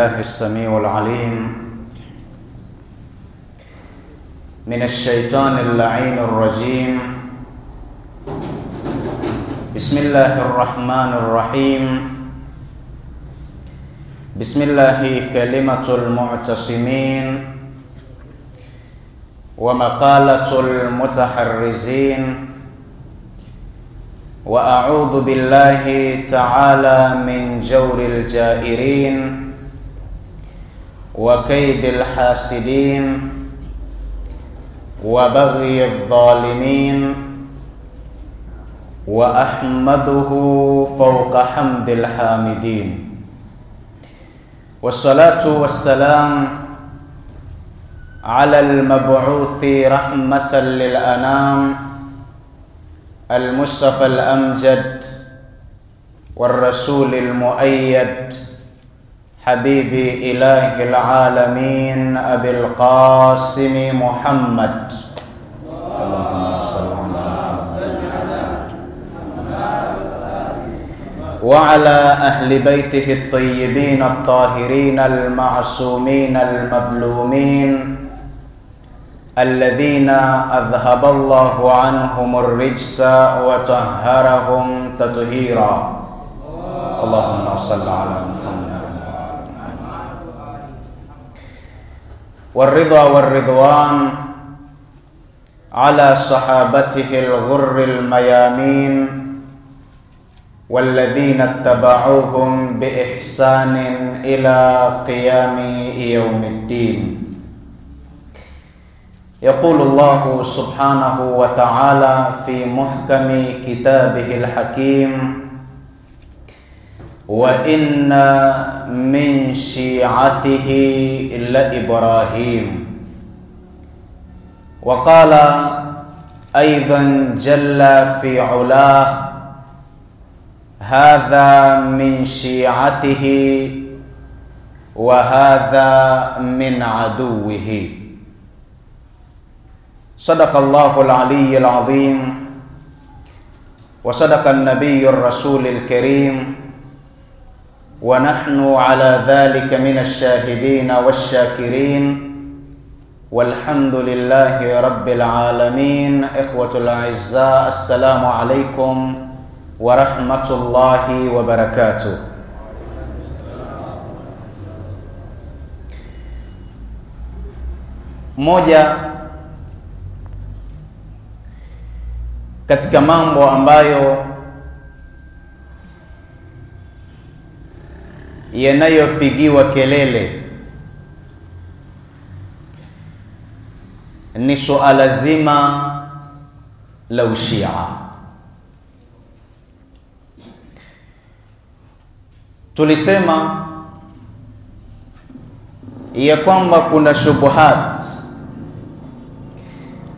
الله السميع العليم من الشيطان اللعين الرجيم بسم الله الرحمن الرحيم بسم الله كلمة المعتصمين ومقالة المتحرزين واعوذ بالله تعالى من جور الجائرين وكيد الحاسدين وبغي الظالمين واحمده فوق حمد الحامدين والصلاه والسلام على المبعوث رحمه للانام المصطفى الامجد والرسول المؤيد حبيبي إله العالمين أبي القاسم محمد اللهم صل على وعلى أهل بيته الطيبين الطاهرين المعصومين المبلومين الذين أذهب الله عنهم الرجس وطهرهم تطهيرا اللهم صل على محمد والرضا والرضوان على صحابته الغر الميامين والذين اتبعوهم باحسان الى قيام يوم الدين يقول الله سبحانه وتعالى في محكم كتابه الحكيم وإن من شيعته لإبراهيم وقال أيضا جل في علاه هذا من شيعته وهذا من عدوه صدق الله العلي العظيم وصدق النبي الرسول الكريم ونحن على ذلك من الشاهدين والشاكرين والحمد لله رب العالمين إخوة الأعزاء السلام عليكم ورحمة الله وبركاته موجة katika mambo ambayo yanayopigiwa kelele ni suala zima la ushia. Tulisema ya kwamba kuna shubuhat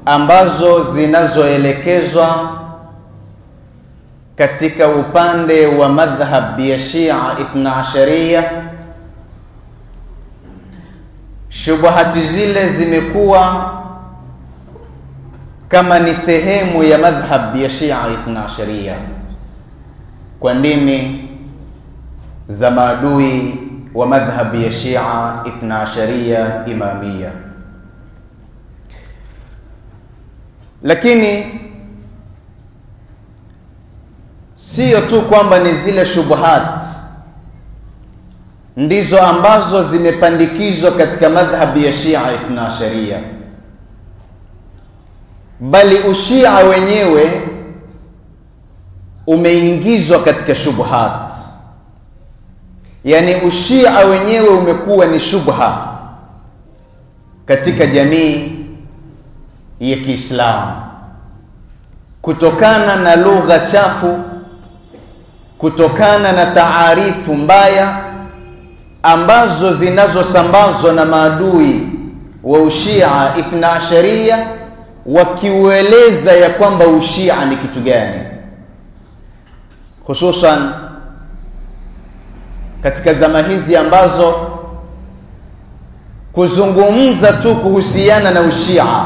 ambazo zinazoelekezwa katika upande wa madhhab ya Shia Ithna shubuhati zile zimekuwa kama ni sehemu ya madhhab ya Shia Ithna kwa nini za maadui wa madhhab ya Shia Ithna Ashariya Imamia, lakini Sio tu kwamba ni zile shubuhat ndizo ambazo zimepandikizwa katika madhhabi ya Shia Ithna Sharia, bali ushia wenyewe umeingizwa katika shubuhat, yaani ushia wenyewe umekuwa ni shubha katika jamii ya Kiislamu kutokana na lugha chafu kutokana na taarifu mbaya ambazo zinazosambazwa na maadui wa ushia ithna asharia wakiueleza ya kwamba ushia ni kitu gani, hususan katika zama hizi ambazo kuzungumza tu kuhusiana na ushia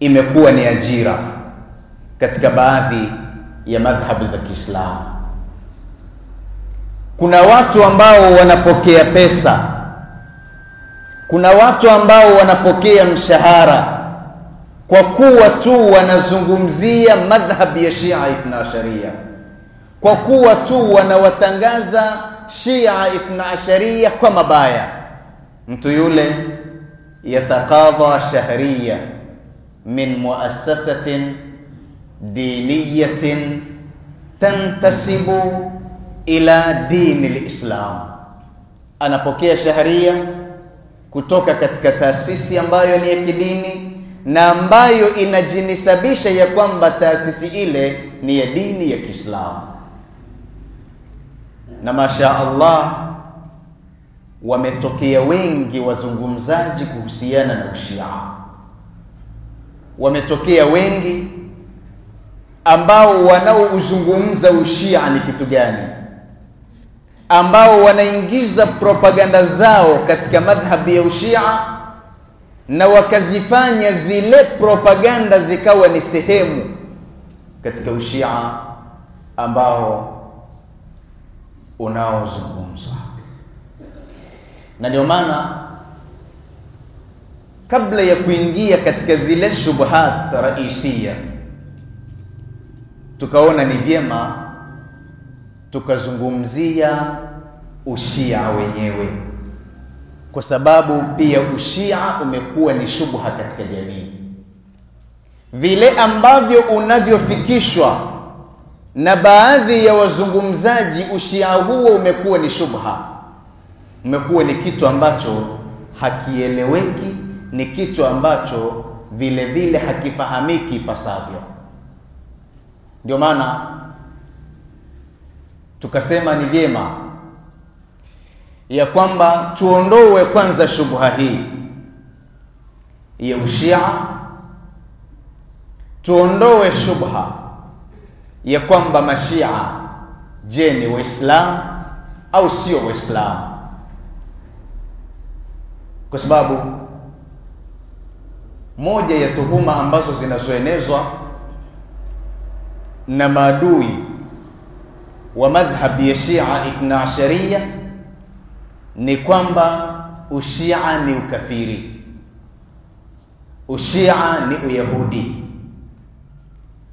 imekuwa ni ajira katika baadhi ya madhhabu za Kiislamu. Kuna watu ambao wanapokea pesa, kuna watu ambao wanapokea mshahara kwa kuwa tu wanazungumzia madhhabi ya Shia Ithna Asharia, kwa kuwa tu wanawatangaza Shia Ithna Asharia kwa mabaya, mtu yule yatakadha shahriya min muassasatin diniyatin tantasibu ila dini lislam. Anapokea shaharia kutoka katika taasisi ambayo ni ya kidini na ambayo inajinisabisha ya kwamba taasisi ile ni ya dini ya Kiislamu, na masha Allah wametokea wengi wazungumzaji kuhusiana na ushia, wametokea wengi ambao wanaouzungumza ushia ni kitu gani ambao wanaingiza propaganda zao katika madhhabi ya ushia na wakazifanya zile propaganda zikawa ni sehemu katika ushia ambao unaozungumzwa, na ndio maana kabla ya kuingia katika zile shubuhat raisia tukaona ni vyema tukazungumzia ushia wenyewe, kwa sababu pia ushia umekuwa ni shubha katika jamii. Vile ambavyo unavyofikishwa na baadhi ya wazungumzaji, ushia huo umekuwa ni shubha, umekuwa ni kitu ambacho hakieleweki, ni kitu ambacho vile vile hakifahamiki pasavyo. Ndio maana tukasema ni vyema ya kwamba tuondoe kwanza shubha hii ya ushia, tuondoe shubha ya kwamba mashia je, ni Waislamu au sio Waislamu, kwa sababu moja ya tuhuma ambazo zinazoenezwa na maadui wa madhhabi ya Shia Ithna ni kwamba ushia ni ukafiri, ushia ni uyahudi,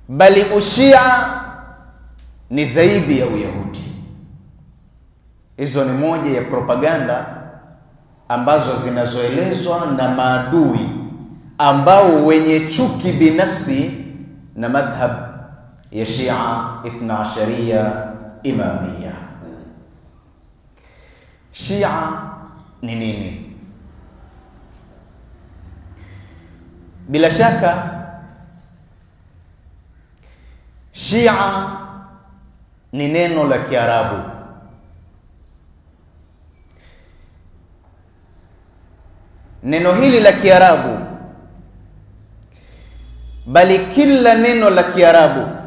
bali ushia ni zaidi ya uyahudi. Hizo ni moja ya propaganda ambazo zinazoelezwa na maadui ambao wenye chuki binafsi na madhhab ya Shia Ithna imamia. Shia ni nini? Bila shaka Shia ni neno la Kiarabu neno hili la Kiarabu, bali kila neno la Kiarabu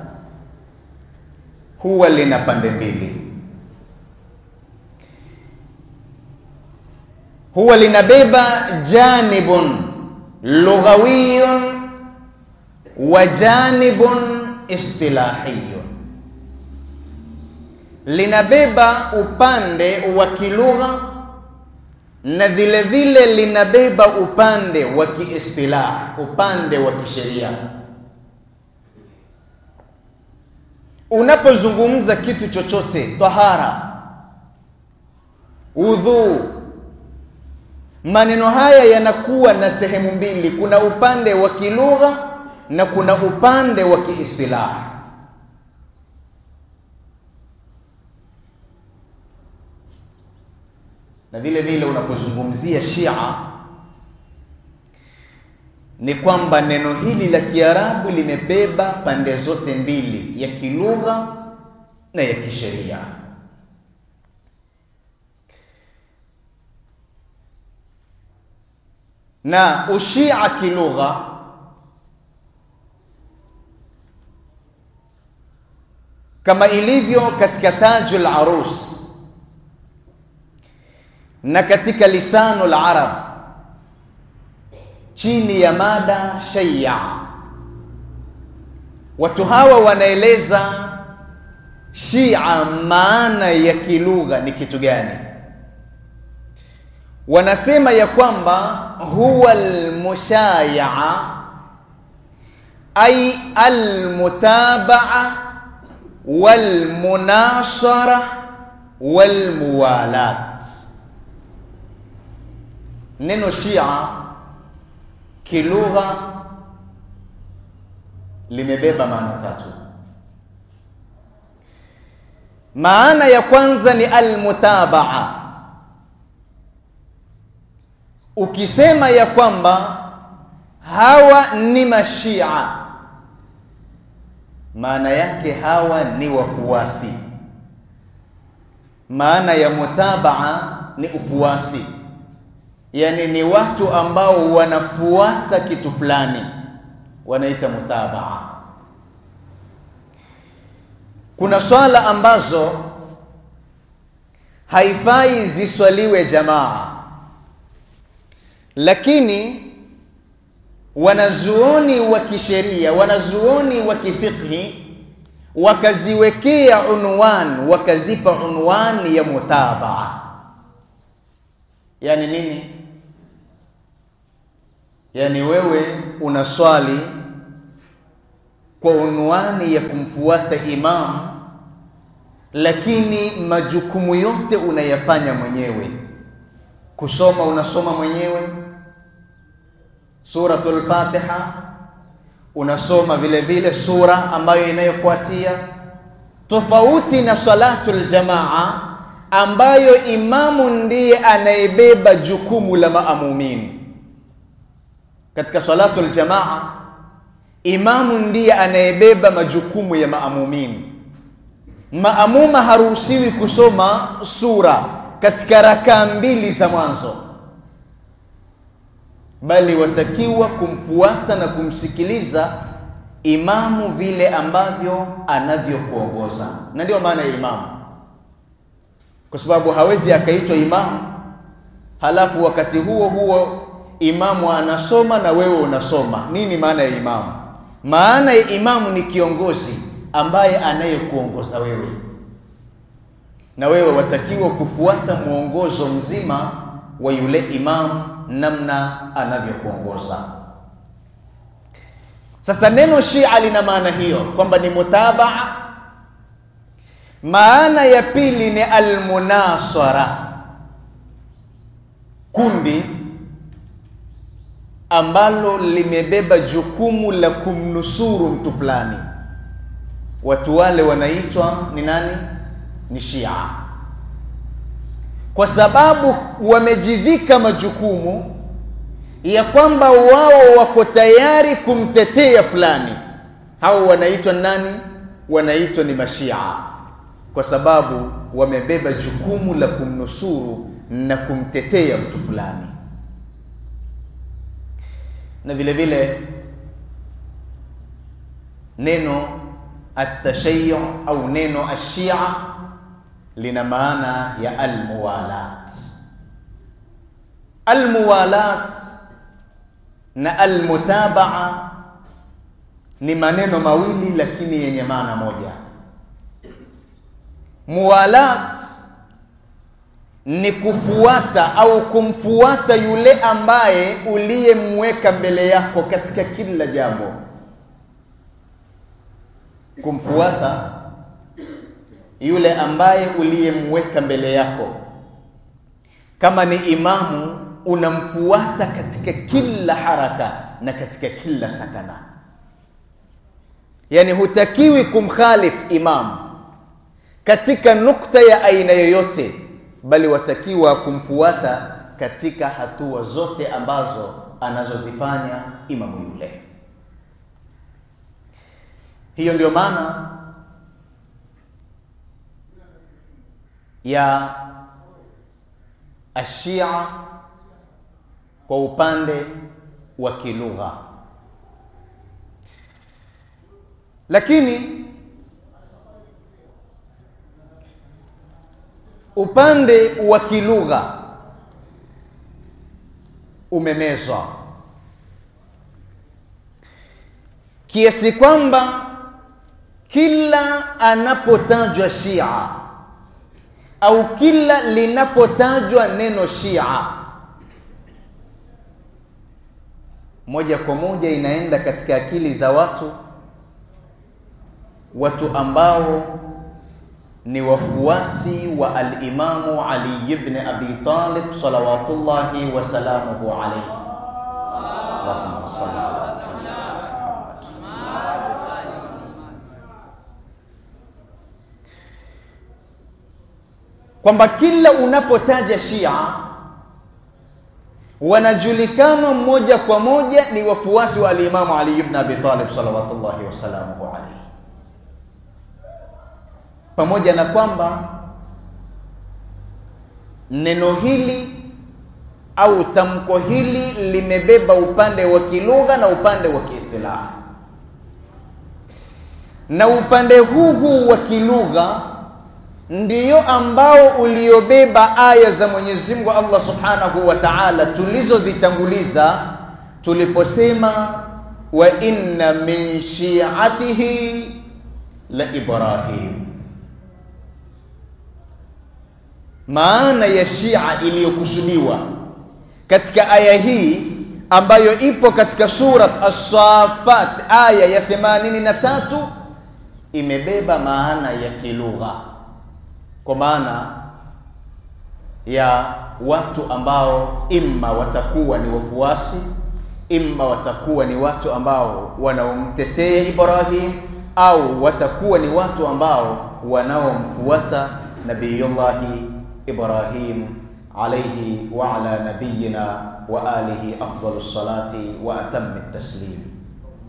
huwa lina pande mbili, huwa linabeba janibun lughawiyun wa janibun istilahiyun, linabeba upande wa kilugha na vile vile linabeba upande wa kiistilah, upande wa kisheria. unapozungumza kitu chochote, tahara, udhu, maneno haya yanakuwa na sehemu mbili, kuna upande wa kilugha na kuna upande wa kiistilah Na vile vile unapozungumzia Shia ni kwamba neno hili la Kiarabu limebeba pande zote mbili, ya kilugha na ya kisheria. Na ushia kilugha kama ilivyo katika Tajul Arus na katika Lisanul Arab chini ya mada shay'a. Watu hawa wanaeleza Shia maana ya kilugha ni kitu gani? Wanasema ya kwamba huwa almushayaa ai almutabaa walmunasara walmuwalat. Neno Shia kilugha limebeba maana tatu. Maana ya kwanza ni almutabaa. Ukisema ya kwamba hawa ni mashia, maana yake hawa ni wafuasi. Maana ya mutabaa ni ufuasi yani ni watu ambao wanafuata kitu fulani, wanaita mutabaa. Kuna swala ambazo haifai ziswaliwe jamaa, lakini wanazuoni wa kisheria, wanazuoni wa kifikhi wakaziwekea unwan, wakazipa unwani ya mutabaa. Yani nini? yaani wewe unaswali kwa unwani ya kumfuata imamu, lakini majukumu yote unayafanya mwenyewe. Kusoma unasoma mwenyewe Suratul Fatiha, unasoma vile vile sura ambayo inayofuatia, tofauti na Salatul Jamaa ambayo imamu ndiye anayebeba jukumu la maamumini katika salatu aljamaa, imamu ndiye anayebeba majukumu ya maamumin. Maamuma haruhusiwi kusoma sura katika rakaa mbili za mwanzo, bali watakiwa kumfuata na kumsikiliza imamu vile ambavyo anavyokuongoza, na ndiyo maana ya imamu, kwa sababu hawezi akaitwa imamu halafu wakati huo huo imamu anasoma na wewe unasoma. Nini maana ya imamu? Maana ya imamu ni kiongozi ambaye anayekuongoza wewe, na wewe watakiwa kufuata mwongozo mzima wa yule imamu, namna anavyokuongoza. Sasa neno Shia lina maana hiyo kwamba ni mutabaa. Maana ya pili ni almunasara, kundi ambalo limebeba jukumu la kumnusuru mtu fulani. Watu wale wanaitwa ni nani? Ni Shia, kwa sababu wamejivika majukumu ya kwamba wao wako tayari kumtetea fulani. Hao wanaitwa nani? Wanaitwa ni Mashia, kwa sababu wamebeba jukumu la kumnusuru na kumtetea mtu fulani na vile vile neno atashayyu au neno ashia lina maana ya almuwalat. Almuwalat na almutabaa ni maneno mawili lakini yenye maana moja. Muwalat ni kufuata au kumfuata yule ambaye uliyemweka mbele yako katika kila jambo. Kumfuata yule ambaye uliyemweka mbele yako. Kama ni imamu, unamfuata katika kila haraka na katika kila sakana, yani hutakiwi kumkhalif imamu katika nukta ya aina yoyote bali watakiwa kumfuata katika hatua zote ambazo anazozifanya imamu yule. Hiyo ndio maana ya ashia kwa upande wa kilugha, lakini upande wa kilugha umemezwa kiasi kwamba kila anapotajwa Shia au kila linapotajwa neno Shia moja kwa moja inaenda katika akili za watu watu ambao ni wafuasi wa alimamu Ali ibn Abi Talib salawatullahi wasalamuhu alaihi. Allahumma salli ala kwamba kila unapotaja Shia wanajulikana moja kwa moja ni wafuasi wa alimamu Ali ibn Abi Talib salawatullahi wasalamuhu alaihi pamoja na kwamba neno hili au tamko hili limebeba upande wa kilugha na upande wa kiistilahi, na upande huu huu wa kilugha ndiyo ambao uliobeba aya za Mwenyezi Mungu Allah Subhanahu wa Ta'ala tulizozitanguliza tuliposema, wa inna min shi'atihi la Ibrahim maana ya Shia iliyokusudiwa katika aya hii ambayo ipo katika Surat As-Safat aya ya 83 imebeba maana ya kilugha, kwa maana ya watu ambao imma watakuwa ni wafuasi, imma watakuwa ni watu ambao wanaomtetea Ibrahim, au watakuwa ni watu ambao wanaomfuata Nabiyullahi إبراهيم عليه وعلى نبينا وآله أفضل الصلاة وأتم التسليم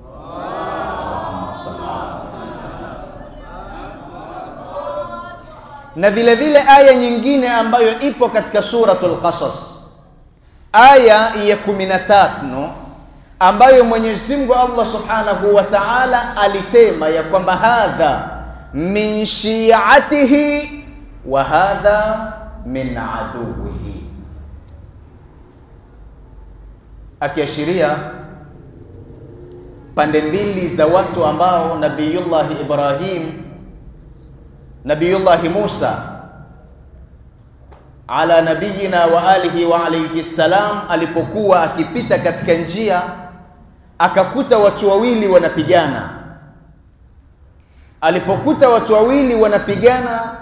اللهم صل na vile vile aya nyingine ambayo ipo katika suratul Qasas aya ya kumi na tano ambayo Mwenyezi Mungu Allah Subhanahu wa Ta'ala alisema ya kwamba hadha min shi'atihi wa hadha min aduwihi, akiashiria pande mbili za watu ambao Nabiyullahi Ibrahim, Nabiyullahi Musa ala nabiyina wa alihi wa alayhi salam, alipokuwa akipita katika njia akakuta watu wawili wanapigana. Alipokuta watu wawili wanapigana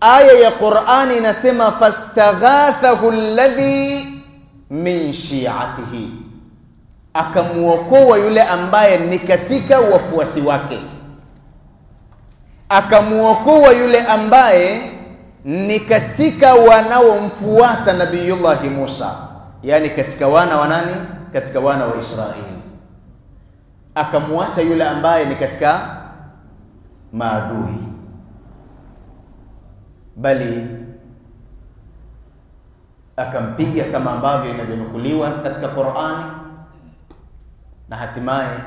aya ya Qur'ani inasema fastaghathahu alladhi min shi'atihi, akamuokoa yule ambaye ni katika wafuasi wake, akamuokoa yule ambaye ni katika wanaomfuata Nabiyullahi Musa, yani katika wana wa nani? Katika wana wa Israeli. Akamwacha yule ambaye ni katika maadui bali akampiga kama ambavyo inavyonukuliwa katika Qur'ani, na hatimaye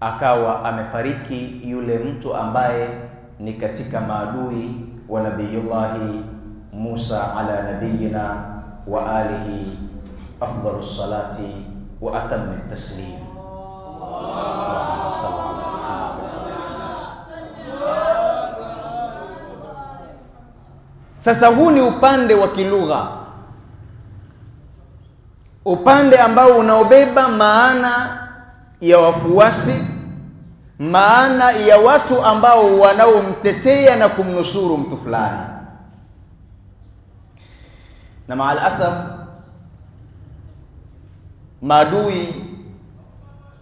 akawa amefariki yule mtu ambaye ni katika maadui wa nabiyullahi Musa ala nabiyina wa alihi afdalu salati wa atamu taslim. Allahumma salli ala Muhammad. Sasa huu ni upande wa kilugha, upande ambao unaobeba maana ya wafuasi, maana ya watu ambao wanaomtetea na kumnusuru mtu fulani, na maal asaf maadui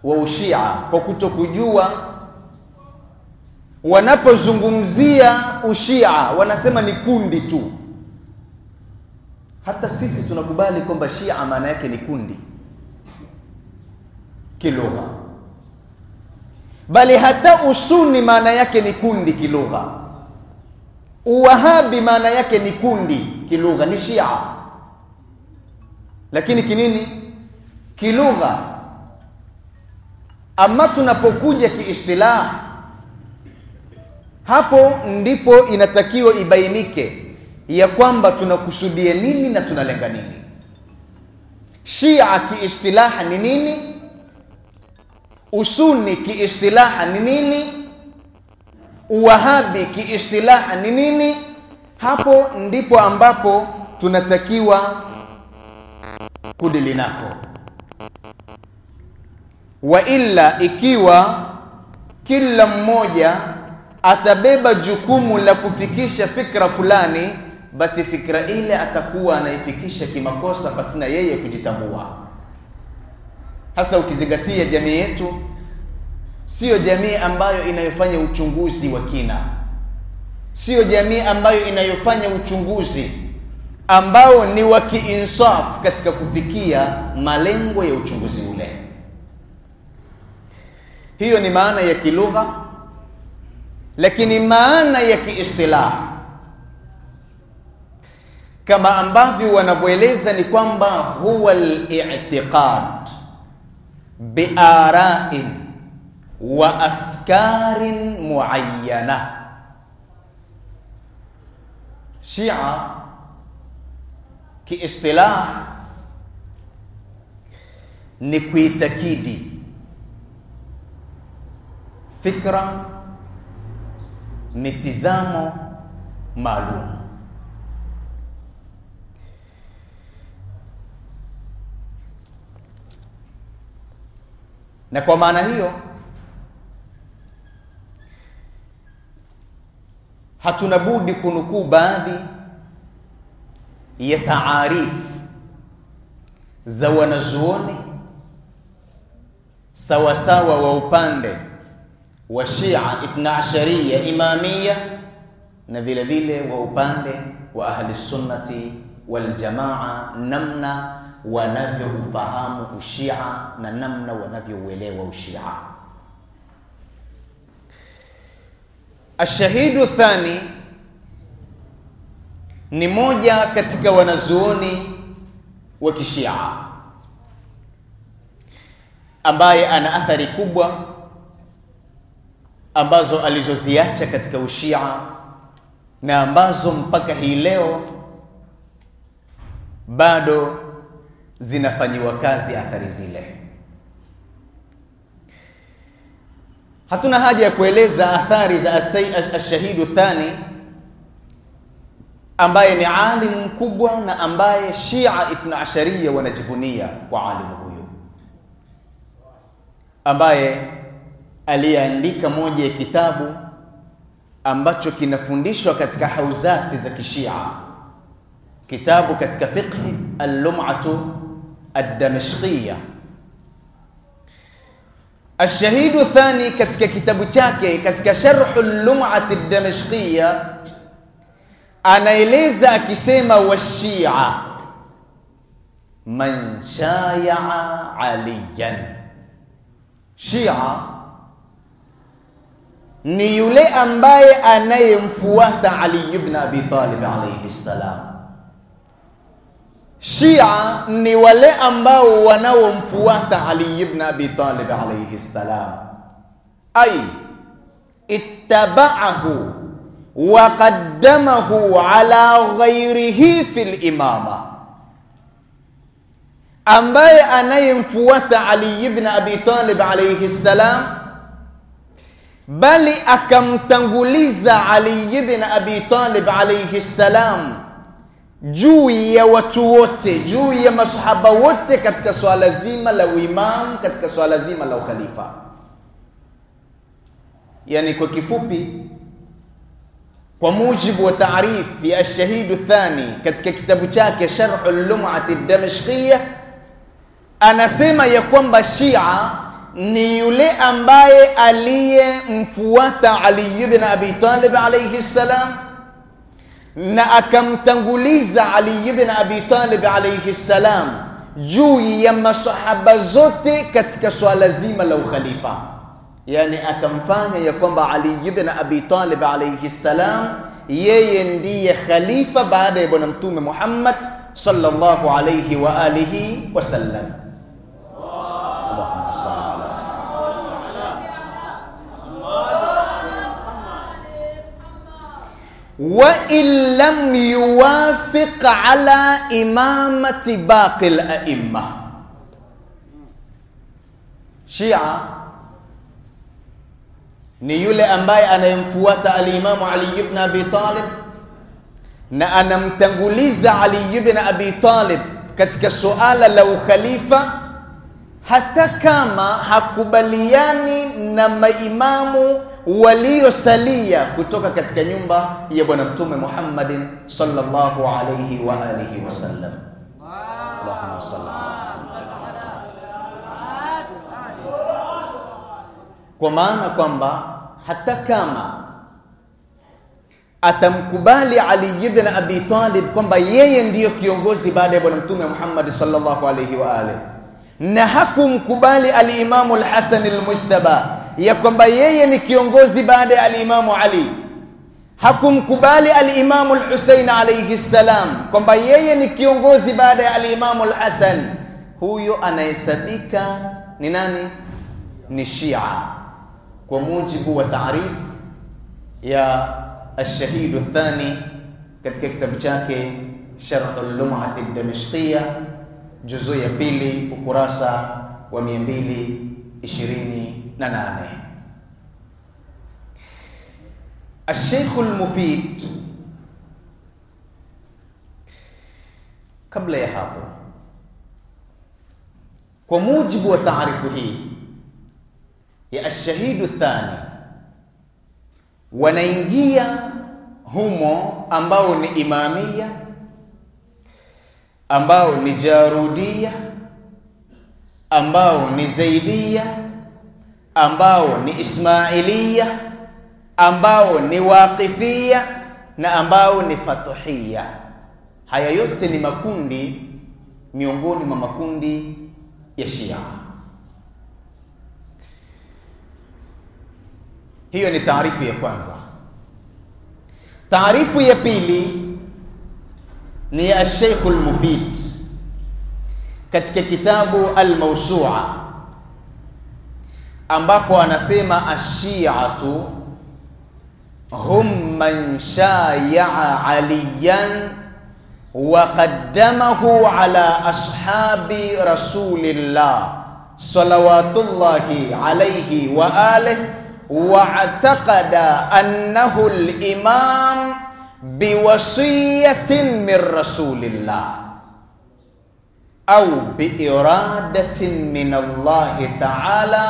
wa ushia kwa kutokujua wanapozungumzia ushia wanasema ni kundi tu. Hata sisi tunakubali kwamba shia maana yake ni kundi kilugha, bali hata usuni maana yake ni kundi kilugha, uwahabi maana yake ni kundi kilugha, ni shia lakini kinini kilugha. Ama tunapokuja kiistilahi hapo ndipo inatakiwa ibainike ya kwamba tunakusudia nini na tunalenga nini. Shia kiistilaha ni nini? Usuni kiistilaha ni nini? Uwahabi kiistilaha ni nini? Hapo ndipo ambapo tunatakiwa kudili nako. Wa illa, ikiwa kila mmoja atabeba jukumu la kufikisha fikra fulani, basi fikra ile atakuwa anaifikisha kimakosa pasina yeye kujitambua. Hasa ukizingatia jamii yetu siyo jamii ambayo inayofanya uchunguzi wa kina, siyo jamii ambayo inayofanya uchunguzi ambao ni wa kiinsaf katika kufikia malengo ya uchunguzi ule. Hiyo ni maana ya kilugha lakini maana ya kiistilah kama ambavyo wanavyoeleza ni kwamba huwa al-i'tiqad biara'in wa afkarin muayyana. Shia kiistilah ni kuitakidi fikra mitizamo maalum. Na kwa maana hiyo hatuna budi kunukuu baadhi ya taarifu za wanazuoni sawasawa wa upande wa Shia Ithna Imamia na vile vile wa upande wa Ahli Sunnati wal Jamaa, namna wanavyoufahamu ushia na namna wanavyouelewa ushia. Ashahidu thani ni moja katika wanazuoni wa kishia ambaye ana athari kubwa ambazo alizoziacha katika ushia na ambazo mpaka hii leo bado zinafanyiwa kazi athari zile. Hatuna haja ya kueleza athari za ashahidu thani ambaye ni alimu mkubwa na ambaye Shia Ithna Ashariya wanajivunia kwa alimu huyu ambaye aliyeandika moja ya kitabu ambacho kinafundishwa katika hauzati za Kishia, kitabu katika fiqhi al-Lum'atu ad-Damashqiyya. Ash-Shahidu Thani katika kitabu chake katika sharhu al-Lum'ati ad-Damashqiyya anaeleza akisema, washia man shayaa aliyan, shia ni yule ambaye anayemfuata Ali ibn Abi Talib alayhi salam. Shia ni wale ambao wanaomfuata Ali ibn Abi Talib alayhi salam, ay ittaba'ahu wa qaddamahu ala ghayrihi fil imama, ambaye anayemfuata Ali ibn Abi Talib alayhi salam bali akamtanguliza Ali ibn Abi Talib alayhi salam juu ya watu wote, juu ya masahaba wote katika swala zima la uimamu, katika swala zima la ukhalifa. Yani kwa kifupi, kwa mujibu wa taarif ya Ashahidu Thani katika kitabu chake Sharhu Lumati Damashqiya, anasema ya kwamba Shia ni yule ambaye aliyemfuata Ali ibn Abi Talib alayhi salam na akamtanguliza Ali ibn Abi Talib alayhi salam juu ya masahaba zote katika swala zima la ukhalifa, yani akamfanya ya kwamba Ali ibn Abi Talib alayhi salam yeye ndiye khalifa baada ya Bwana Mtume Muhammad sallallahu alayhi wa alihi wasallam. وإن لم يوافق على إمامة باقي الأئمة شيعة ni yule ambaye anayemfuata alimamu Ali ibn Abi Talib na anamtanguliza Ali ibn Abi Talib katika suala la ukhalifa hata kama hakubaliani na maimamu waliosalia kutoka katika nyumba ya Bwana Mtume Muhammadin sallallahu alayhi wa alihi wasallam. Allahumma salli kwa maana kwamba hata kama atamkubali Ali ibn Abi Talib kwamba yeye ndiyo kiongozi baada ya Bwana Mtume Muhammad sallallahu alayhi wa alihi, na hakumkubali alimamu Alhasan Almujtaba ya kwamba yeye ni kiongozi baada ya alimamu Ali. Hakumkubali alimamu Alhusein alayhi ssalam kwamba yeye ni kiongozi baada ya alimamu lhasan Huyo anahesabika ni nani? Ni Shia kwa mujibu wa taarif ya Alshahidu Thani katika kitabu chake Sharh Lumati Damishqiya, juzu ya pili, ukurasa wa 220 na nane. Asheikhul Mufid. Kabla ya hapo, kwa mujibu wa taarifu hii ya ashahidu thani, wanaingia humo ambao ni imamia, ambao ni jarudia, ambao ni zaidia ambao ni Ismailia, ambao ni Waqifia na ambao ni Fatuhia. Haya yote ni makundi miongoni mwa makundi ya Shia. Hiyo ni taarifu ya kwanza. Taarifu ya pili ni ya Sheikh al-Mufid katika kitabu Al-Mawsu'a ambapo anasema ashiatu hum man shayaa aliyan wa qaddamahu ala ashabi rasulillah salawatullahi alayhi wa alihi واعتقد انه الامام بوصيه من رسول الله او باراده من الله تعالى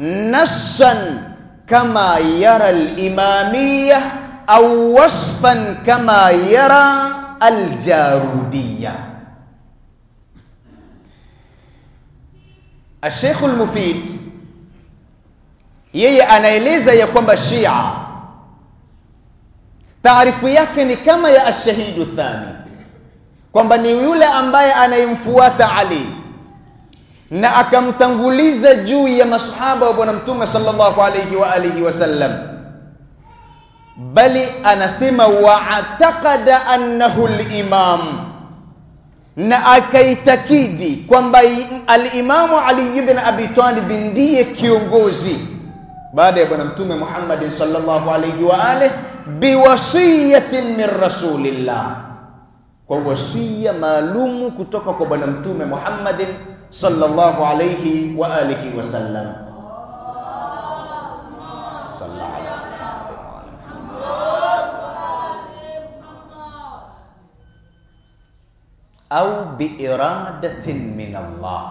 نصا كما يرى الإمامية أو وصفا كما يرى الجارودية الشيخ المفيد يي أنا إليزا يقوم بالشيعة تعرف يكني كما يا الشهيد الثاني kwamba ni yule ambaye anayemfuata علي na akamtanguliza juu ya masahaba wa Bwana Mtume sallallahu alayhi wa alihi wasallam, bali anasema waatakada annahu limam, na akaitakidi kwamba alimamu Ali ibn Abi Talib ndiye kiongozi baada ya Bwana Mtume Muhammad sallallahu alayhi wa alihi, biwasiyatin min rasulillah, kwa wasiya maalumu kutoka kwa Bwana Mtume Muhammadin صلى الله عليه وآله وسلم أو بإرادة من الله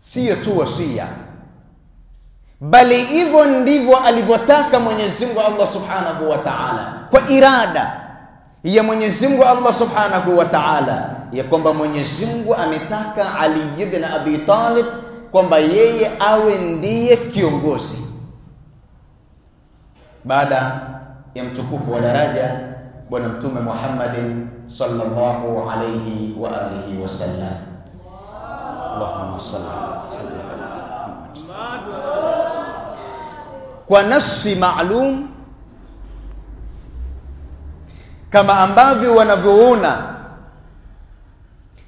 سيتو وسيا بل إذن ديو ألغتاك من يزمغ الله سبحانه وتعالى وإرادة هي من يزمغ الله سبحانه وتعالى ya kwamba Mwenyezi Mungu ametaka Ali ibn Abi Talib kwamba yeye awe ndiye kiongozi baada ya mtukufu wa daraja Bwana Mtume Muhammadin sallallahu alayhi wa alihi wasallam. Allahumma salli kwa nafsi maalum kama ambavyo wanavyoona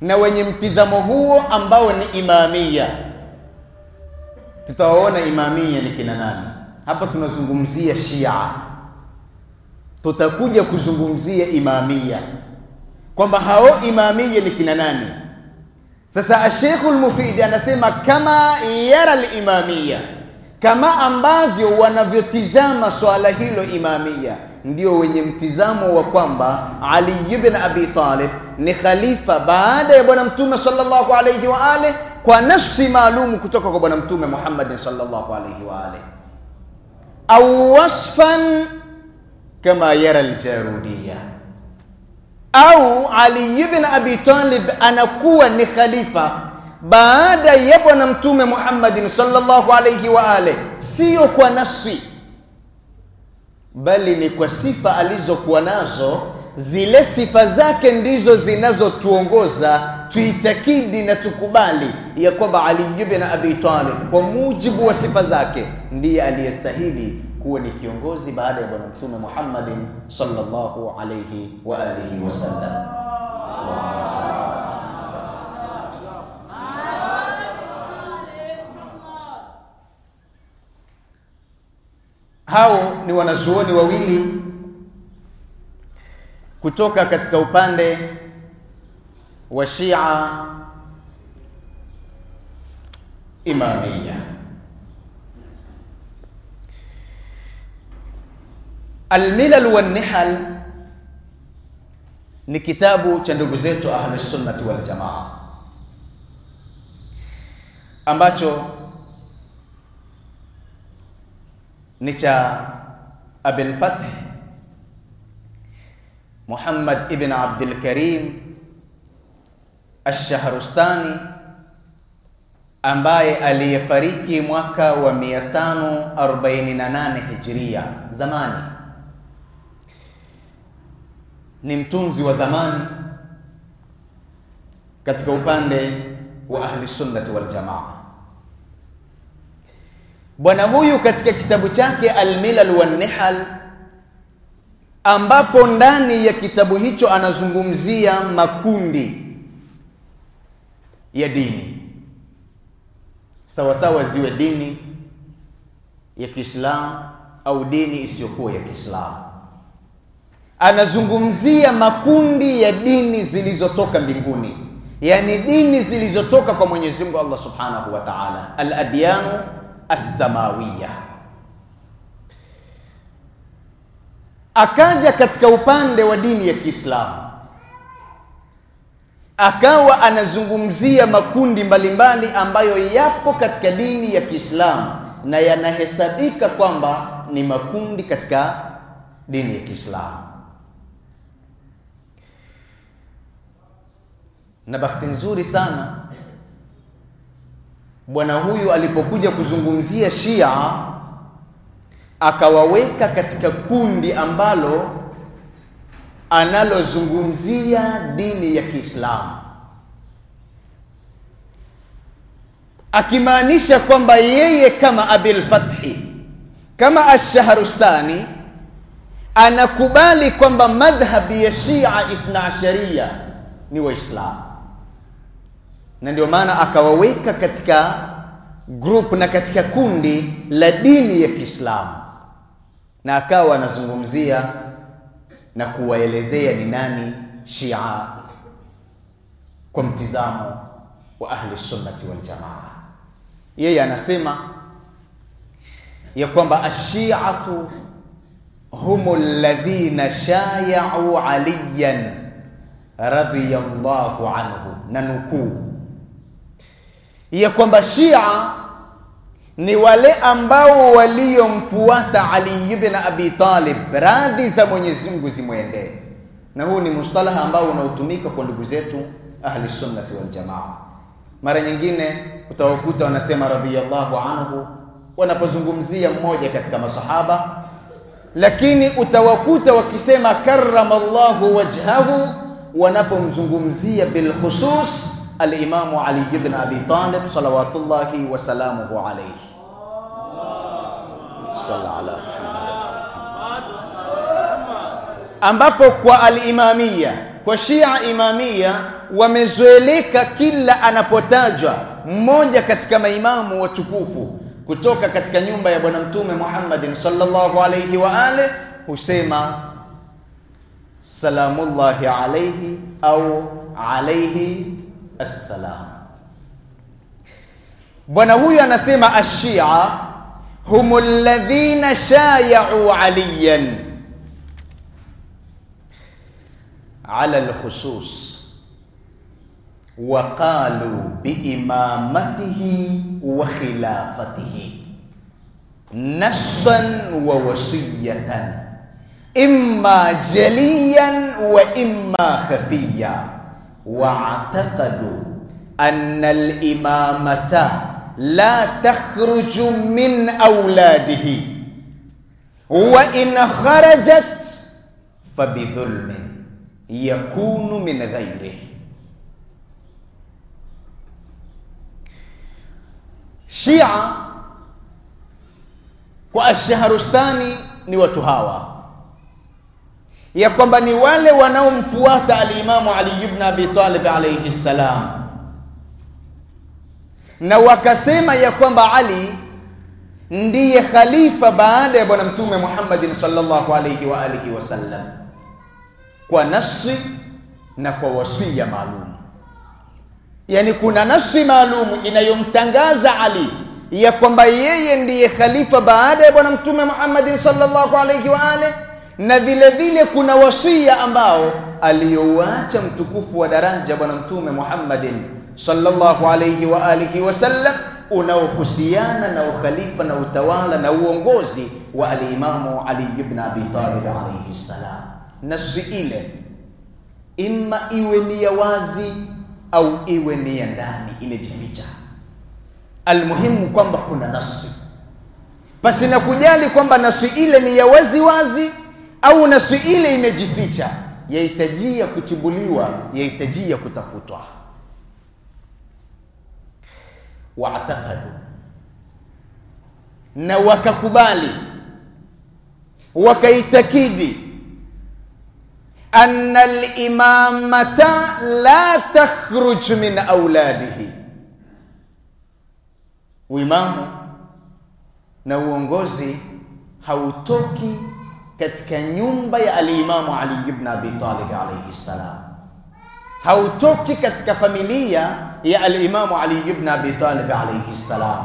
na wenye mtizamo huo ambao ni imamia. Tutawaona imamia ni kina nani hapa. Tunazungumzia Shia, tutakuja kuzungumzia imamia kwamba hao imamia ni kina nani. Sasa Ashekhu Lmufidi anasema kama yara limamia, kama ambavyo wanavyotizama swala hilo imamia ndio wenye mtizamo wa kwamba Ali ibn Abi Talib ni khalifa baada ya bwana mtume sallallahu alayhi wa ale kwa nafsi maalum kutoka kwa bwana mtume Muhammad sallallahu alayhi wa ale au wasfan kama yara al au Ali ibn Abi Talib anakuwa ni khalifa baada ya bwana mtume Muhammad sallallahu alayhi wa ale, sio kwa nafsi bali ni kwa sifa alizokuwa nazo, zile sifa zake ndizo zinazotuongoza tuitakidi na tukubali ya kwamba Ali ibn Abi Talib kwa mujibu wa sifa zake ndiye aliyestahili kuwa ni kiongozi baada ya bwana Mtume Muhammadin sallallahu alayhi wa alihi wasallam. Hao ni wanazuoni wawili kutoka katika upande wa Shia Imamia. Almilal wan Nihal ni kitabu cha ndugu zetu Ahlus waljamaa wal Jamaa ambacho ni cha abilfath Muhammad ibn Abdul Karim Ash-Shahrustani ambaye aliyefariki mwaka wa 548 Hijria zamani. Ni mtunzi wa zamani katika upande wa Ahli Sunnati wal Jamaa. Bwana huyu katika kitabu chake Almilal wan Nihal, ambapo ndani ya kitabu hicho anazungumzia makundi ya dini sawasawa, ziwe dini ya Kiislamu au dini isiyokuwa ya Kiislamu. Anazungumzia makundi ya dini zilizotoka mbinguni, yani dini zilizotoka kwa Mwenyezi Mungu Allah Subhanahu wa Ta'ala, al-adyanu assamawiya. Akaja katika upande wa dini ya Kiislamu akawa anazungumzia makundi mbalimbali ambayo yapo katika dini ya Kiislamu na yanahesabika kwamba ni makundi katika dini ya Kiislamu. Na bahati nzuri sana bwana huyu alipokuja kuzungumzia Shia akawaweka katika kundi ambalo analozungumzia dini ya Kiislamu, akimaanisha kwamba yeye kama Abil Fathi kama Ash-Shahrustani anakubali kwamba madhhabi ya Shia Ithna Asharia ni Waislamu na ndio maana akawaweka katika group na katika kundi la dini ya Kiislamu, na akawa anazungumzia na kuwaelezea ni nani Shia kwa mtizamo wa ahli sunnati wal jamaa. Yeye anasema ya kwamba ashiatu humu alladhina shayau aliyan radhiyallahu anhu, na nukuu ya kwamba Shia ni wale ambao waliomfuata Ali ibn Abi Talib, radhi za Mwenyezi Mungu zimwendee. Na huu ni mustalaha ambao unaotumika kwa ndugu zetu ahli sunnati wal jamaa. Mara nyingine utawakuta wanasema radhiyallahu anhu wanapozungumzia mmoja katika masahaba, lakini utawakuta wakisema llahu wajhahu wanapomzungumzia bilkhusus Alimamu Ali ibn Abi Talib salawatullahi wasalamuhu alaihi sallallahu ambapo kwa alimamia kwa Shia imamia wamezoeleka kila anapotajwa mmoja katika maimamu watukufu kutoka katika nyumba ya Bwana Mtume Muhammadin sallallahu alayhi wa ale husema salamullahi alayhi au alayhi السلام بنوي نسيم الشيعة هم الذين شايعوا عليا على الخصوص وقالوا بإمامته وخلافته نصا ووصية إما جليا وإما خفيا واعتقدوا أن الإمامة لا تخرج من أولاده وإن خرجت فبظلم يكون من غيره شيعة kwa Ashaharustani ni ya kwamba ni wale wanaomfuata alimamu Ali ibn Abi Talib alayhi salam, na wakasema ya kwamba Ali ndiye khalifa baada ya bwana Mtume Muhammadin sallallahu alayhi wa alihi wasallam kwa nasi na kwa wasia maalum. Yani kuna nasi maalum inayomtangaza Ali ya kwamba yeye ndiye khalifa baada ya bwana Mtume Muhammadin sallallahu alayhi wa alihi na vile vile kuna wasia ambao aliyouacha mtukufu wa daraja Bwana Mtume Muhammadin sallallahu alayhi wa alihi wasallam unaohusiana na ukhalifa na utawala na uongozi wa alimamu Ali ibn Abi Talib alayhi salam. Nasi ile imma iwe ni ya wazi au iwe ni ya ndani imejificha. Almuhimu kwamba kuna nasi, pasi na kujali kwamba nasi ile ni ya wazi wazi au nafsi ile imejificha, yahitajia kuchibuliwa yahitajia kutafutwa. Waatakadu, na wakakubali wakaitakidi anna limamata la takhruj min auladihi, uimamu na uongozi hautoki katika nyumba ya alimamu Ali ibn Abi Talib alayhi salam, hautoki katika familia ya alimamu Ali ibn Abi Talib alayhi salam,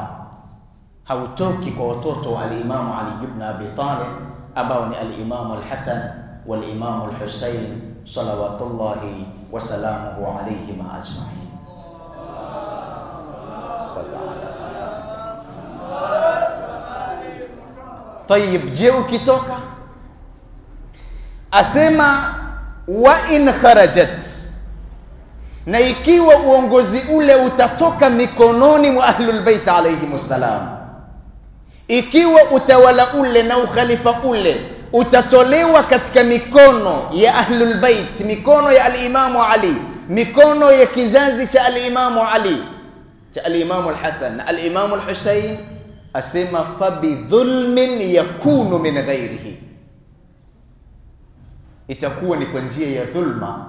hautoki kwa watoto wa alimamu Ali ibn Abi Talib ambao ni alimamu al-Hasan walimamu al-Husayn salawatullahi wasalamuhu alayhima ajma'in. طيب je ukitoka asema wa in kharajat, na ikiwa uongozi ule utatoka mikononi mwa Ahlulbeit alaihimssalam, ikiwa utawala ule na ukhalifa ule utatolewa katika mikono ya Ahlulbeit, mikono ya Alimamu Ali, mikono ya kizazi cha Alimamu Ali cha Alimamu Alhasan na Alimamu Alhusein, asema fabidhulmin yakunu min ghairihi itakuwa ni kwa njia ya dhulma,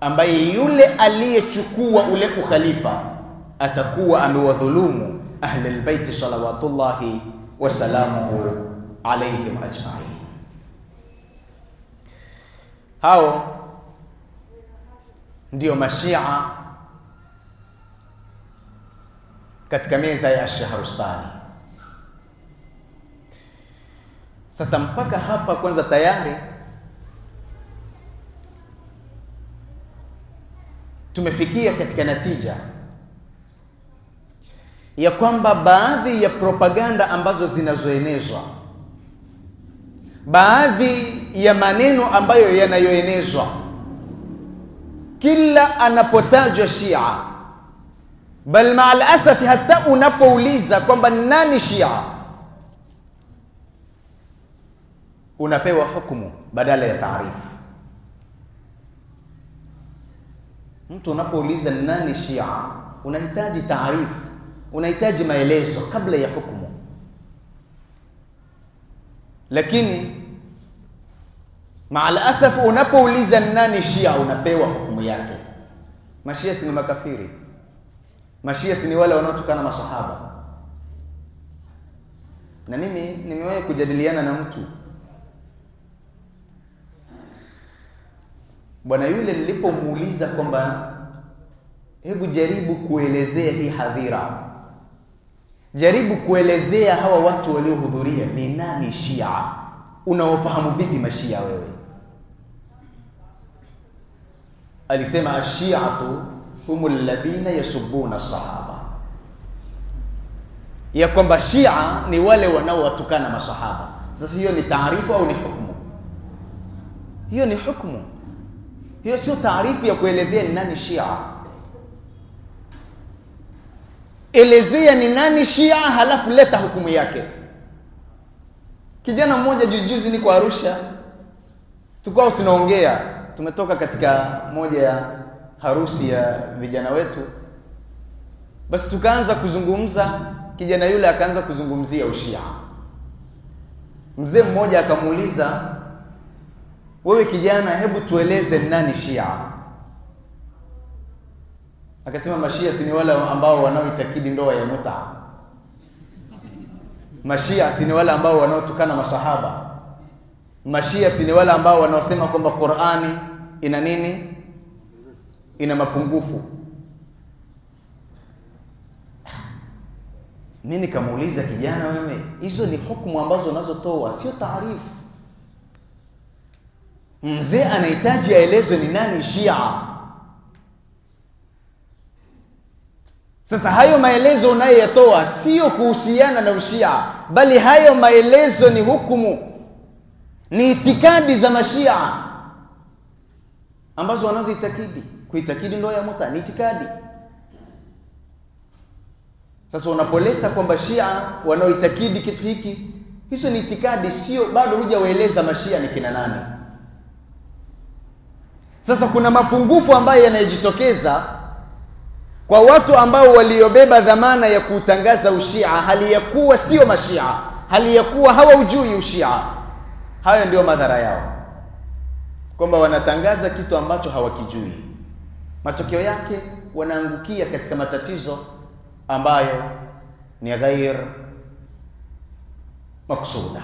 ambaye yule aliyechukua ule ukhalifa atakuwa amewadhulumu ahlul baiti salawatullahi wasalamuhu alayhim ajmain. Hao ndiyo mashia katika meza ya Shahrustani. Sasa mpaka hapa kwanza tayari tumefikia katika natija ya kwamba baadhi ya propaganda ambazo zinazoenezwa, baadhi ya maneno ambayo yanayoenezwa kila anapotajwa Shia, bal maal asafi, hata unapouliza kwamba nani Shia unapewa hukmu badala ya taarifu. Mtu unapouliza ni nani Shia, unahitaji taarifu, unahitaji maelezo kabla ya hukumu. Lakini maalasafu, unapouliza ni nani Shia, unapewa hukumu yake. Mashia si ni makafiri, mashia si ni wale wanaotukana masahaba. Na mimi nimewahi kujadiliana na mtu Bwana yule nilipomuuliza kwamba hebu jaribu kuelezea hii hadhira, jaribu kuelezea hawa watu waliohudhuria ni nani Shia, unaofahamu vipi mashia wewe? Alisema ashiatu humu ladhina yasubuna sahaba, ya kwamba Shia ni wale wanaowatukana masahaba. Sasa hiyo ni taarifu au ni hukmu? Hiyo ni hukmu. Hiyo sio taarifu ya kuelezea ni nani Shia. Elezea ni nani Shia, halafu leta hukumu yake. Kijana mmoja juzi juzi, niko Arusha, tukao tunaongea, tumetoka katika moja ya harusi ya vijana wetu, basi tukaanza kuzungumza, kijana yule akaanza kuzungumzia ushia. Mzee mmoja akamuuliza wewe kijana, hebu tueleze nani Shia? Akasema mashia si ni wale ambao wanaoitakidi ndoa ya muta. Mashia si ni wale ambao wanaotukana masahaba. Mashia si ni wale ambao wanaosema kwamba Qur'ani ina nini? Ina mapungufu. Mimi nikamuuliza kijana, wewe hizo ni hukumu ambazo unazotoa, sio taarifu mzee anahitaji aelezwe ni nani Shia. Sasa hayo maelezo unayoyatoa sio kuhusiana na ushia, bali hayo maelezo ni hukumu, ni itikadi za mashia ambazo wanazoitakidi. Kuitakidi ndoa ya muta ni itikadi. Sasa unapoleta kwamba shia wanaoitakidi kitu hiki, hizo ni itikadi, sio bado hujawaeleza mashia ni kina nani. Sasa kuna mapungufu ambayo yanayojitokeza kwa watu ambao waliobeba dhamana ya kuutangaza ushia, hali ya kuwa sio mashia, hali ya kuwa hawaujui ushia. Hayo ndio madhara yao, kwamba wanatangaza kitu ambacho hawakijui. Matokeo yake wanaangukia katika matatizo ambayo ni ghair maksuda.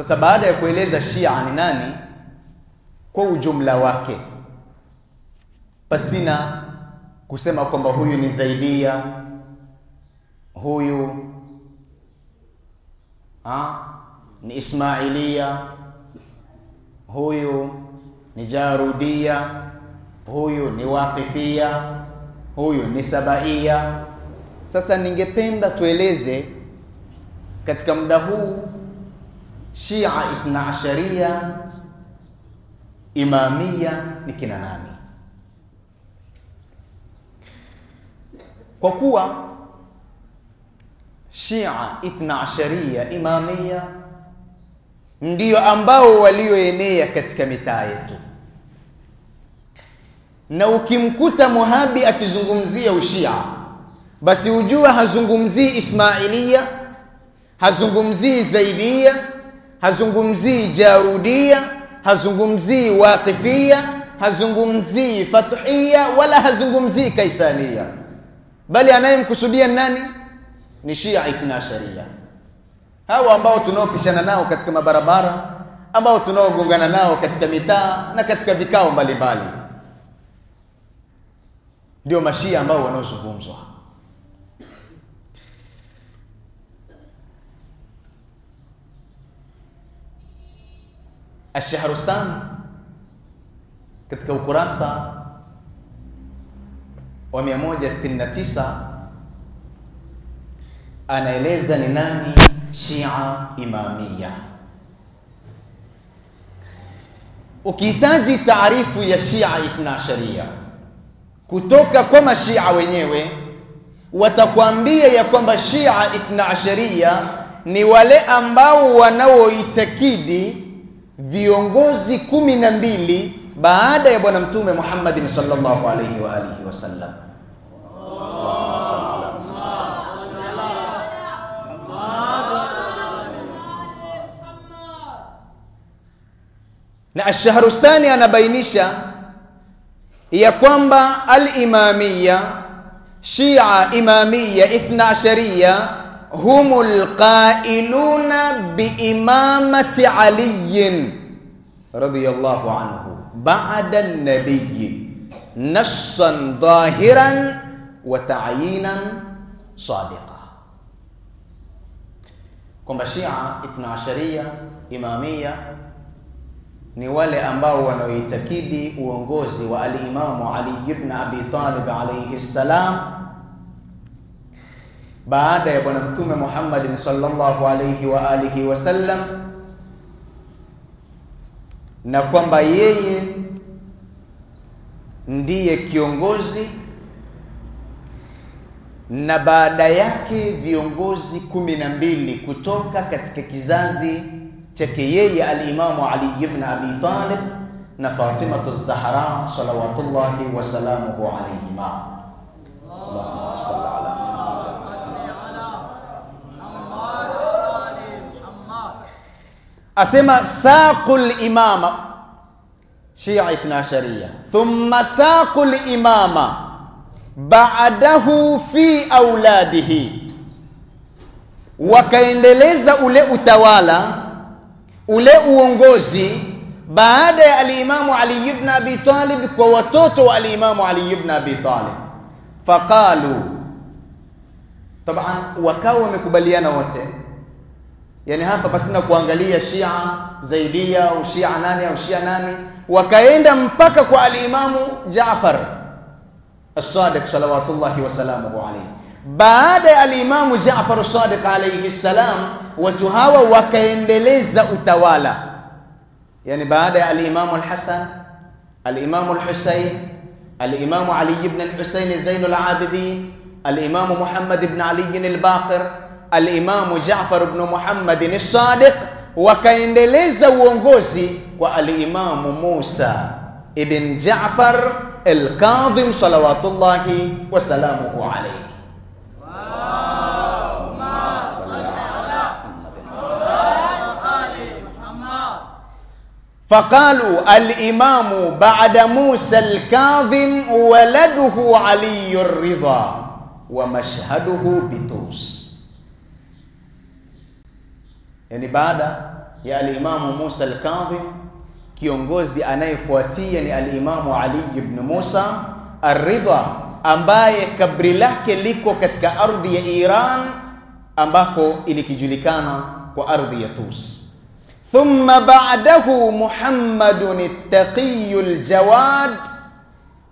Sasa baada ya kueleza Shia ni nani kwa ujumla wake, pasina kusema kwamba huyu ni Zaidia, huyu ha? ni Ismailia, huyu ni Jarudia, huyu ni Waqifia, huyu ni Sabaia. Sasa ningependa tueleze katika muda huu Shia Itna Asharia, Imamia ni kina nani? Kwa kuwa Shia Itna Asharia, Imamia ndio ambao walioenea katika mitaa yetu, na ukimkuta muhabi akizungumzia ushia basi ujua hazungumzii Ismailia, hazungumzii Zaidia hazungumzii jarudia hazungumzii waqifia hazungumzii fathia wala hazungumzii kaisania bali anayemkusudia nani ni shia itnasharia hawa ambao tunaopishana nao katika mabarabara ambao tunaogongana nao katika mitaa na katika vikao mbalimbali ndio mashia ambao wanaozungumzwa Ash-Shahrustan katika ukurasa wa 169 anaeleza ni nani Shia Imamia. Ukihitaji taarifu ya Shia Ithna Asharia kutoka kwa mashia wenyewe, watakwambia ya kwamba Shia Ithna Asharia ni wale ambao wanaoitakidi viongozi kumi na mbili baada ya bwana mtume Muhammadin sallallahu alaihi wa alihi wasallam. Na Ashahrustani anabainisha ya kwamba al-imamia, Shia imamia ithna هم القائلون بإمامة علي رضي الله عنه بعد النبي نصا ظاهرا وتعيينا صادقا كما شيعة اثنا عشرية إمامية ni wale ambao wanaoitakidi uongozi wa alimamu ali ibn abi talib alaihi baada ya Bwana Mtume Muhammad sallallahu alayhi wa alihi wasallam, na kwamba yeye ndiye kiongozi na baada yake viongozi kumi na mbili kutoka katika kizazi chake yeye alimamu Ali ibn Abi Talib na Fatimatu Zahra salawatullahi wasalamuhu alayhima. Allahumma salli asema saqul imama Shia Ithnaasharia, thumma saqul imama baadahu fi auladihi, wakaendeleza ule utawala ule uongozi baada ya alimamu Ali ibn Abi Talib kwa watoto wa alimamu Ali ibn Abi Talib. Faqalu, taban, wakawa wamekubaliana wote yani hapa pasina kuangalia Shia Zaidia au Shia nani au Shia nani, wakaenda mpaka kwa alimamu Jaafar As-Sadiq salawatullahi wasalamuhu alayhi. Baada ya alimamu jafar As-Sadiq alayhi salam, watu hawa wakaendeleza utawala, yani baada ya alimamu Al-Hasan, alimamu Al-Husayn, alimamu Ali ibn Al-Husayn Zainul Abidin, alimamu Muhammad ibn Ali al-Baqir alimamu Jaafar bnu Muhammadin Sadiq, wakaendeleza uongozi kwa alimamu Musa ibn Jaafar Alkadhim salawatullahi wasalamuhu alaihi. فقالوا الإمام بعد موسى الكاظم ولده علي الرضا ومشهده بطوس yani baada ya alimamu Musa al-Kadhim, kiongozi anayefuatia ni alimamu Ali ibn Musa ar-Ridha ambaye kabri lake liko katika ardhi ya Iran ambako ilikijulikana kwa ardhi ya Tus. Thumma ba'dahu Muhammadun at-Taqiyul Jawad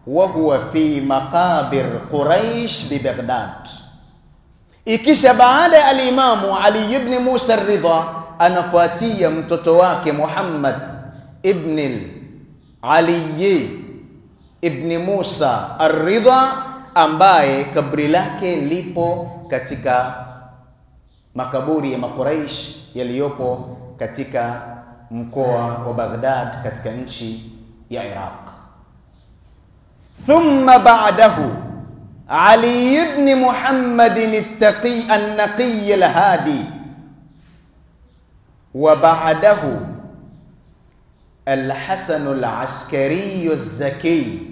wa huwa fi maqabir Quraish bi Baghdad ikisha baada ya alimamu Ali ibn Musa Ridha anafuatia mtoto wake Muhammad ibn Ali ibn Musa Ar-Ridha ambaye kaburi lake lipo katika makaburi ya Makuraish yaliyopo katika mkoa wa Baghdad katika nchi ya Iraq. Thumma ba'dahu علي بن محمد التقي النقي الهادي وبعده الحسن العسكري الزكي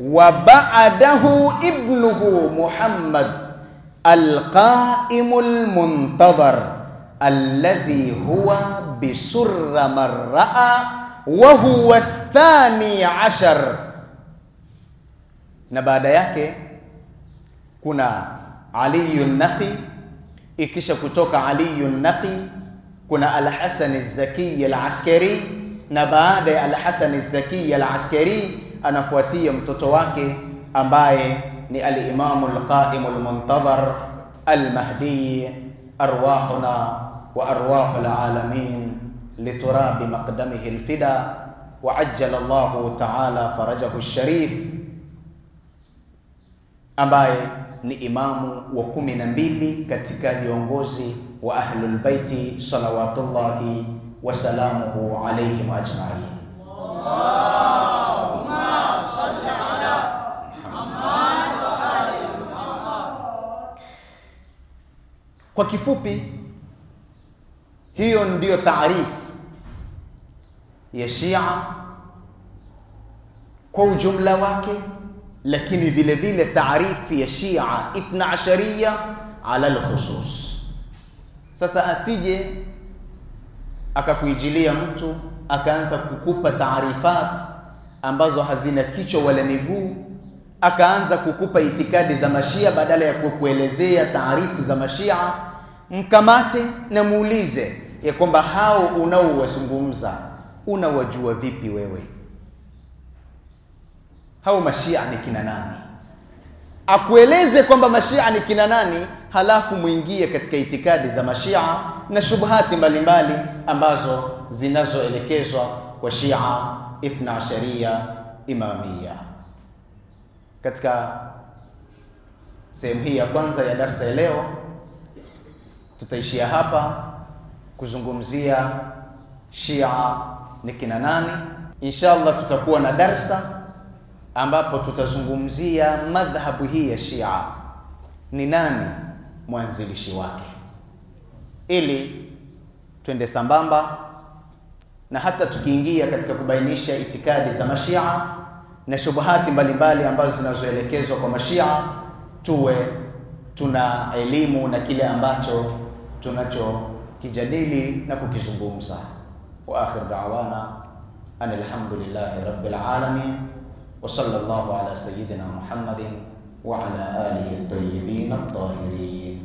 وبعده ابنه محمد القائم المنتظر الذي هو بسر من راى وهو الثاني عشر na baada kuna aliyun naqi, ikisha kutoka aliyun naqi kuna Alhasani Zakiyi Alaskari, na baada ya Alhasani Zakiyi Alaskari anafuatia mtoto wake ambaye ni Alimamu Alqaimu Almuntadhar Almahdi arwahuna wa arwahu alalamin liturabi maqdamihi alfida wa ajjala Allahu taala farajahu alsharif ambaye ni imamu wa kumi na mbili katika viongozi wa Baiti salawatullahi wasalamuhu alaihim ajmain. Allahumma salli ala Muhammad wa ali Muhammad. Kwa kifupi, hiyo ndiyo taarifu ya Shia kwa ujumla wake lakini vile vile taarifu ya Shia Ithna Asharia ala alkhusus. Sasa asije akakuijilia mtu akaanza kukupa taarifat ambazo hazina kichwa wala miguu, akaanza kukupa itikadi za mashia badala ya kukuelezea taarifu za mashia. Mkamate na muulize ya kwamba hao unaowazungumza unawajua vipi wewe? hao mashia ni kina nani, akueleze kwamba mashia ni kina nani, halafu mwingie katika itikadi za mashia na shubhati mbalimbali ambazo zinazoelekezwa kwa Shia Ithna sharia Imamia. Katika sehemu hii ya kwanza ya darsa ya leo tutaishia hapa kuzungumzia Shia ni kina nani. Inshallah tutakuwa na darsa ambapo tutazungumzia madhhabu hii ya Shia, ni nani mwanzilishi wake, ili twende sambamba na hata tukiingia katika kubainisha itikadi za mashia na shubuhati mbalimbali ambazo zinazoelekezwa kwa mashia, tuwe tuna elimu na kile ambacho tunachokijadili na kukizungumza. Wa akhir da'wana anilhamdulillahi rabbil alamin. وصلى الله على سيدنا محمد وعلى آله الطيبين الطاهرين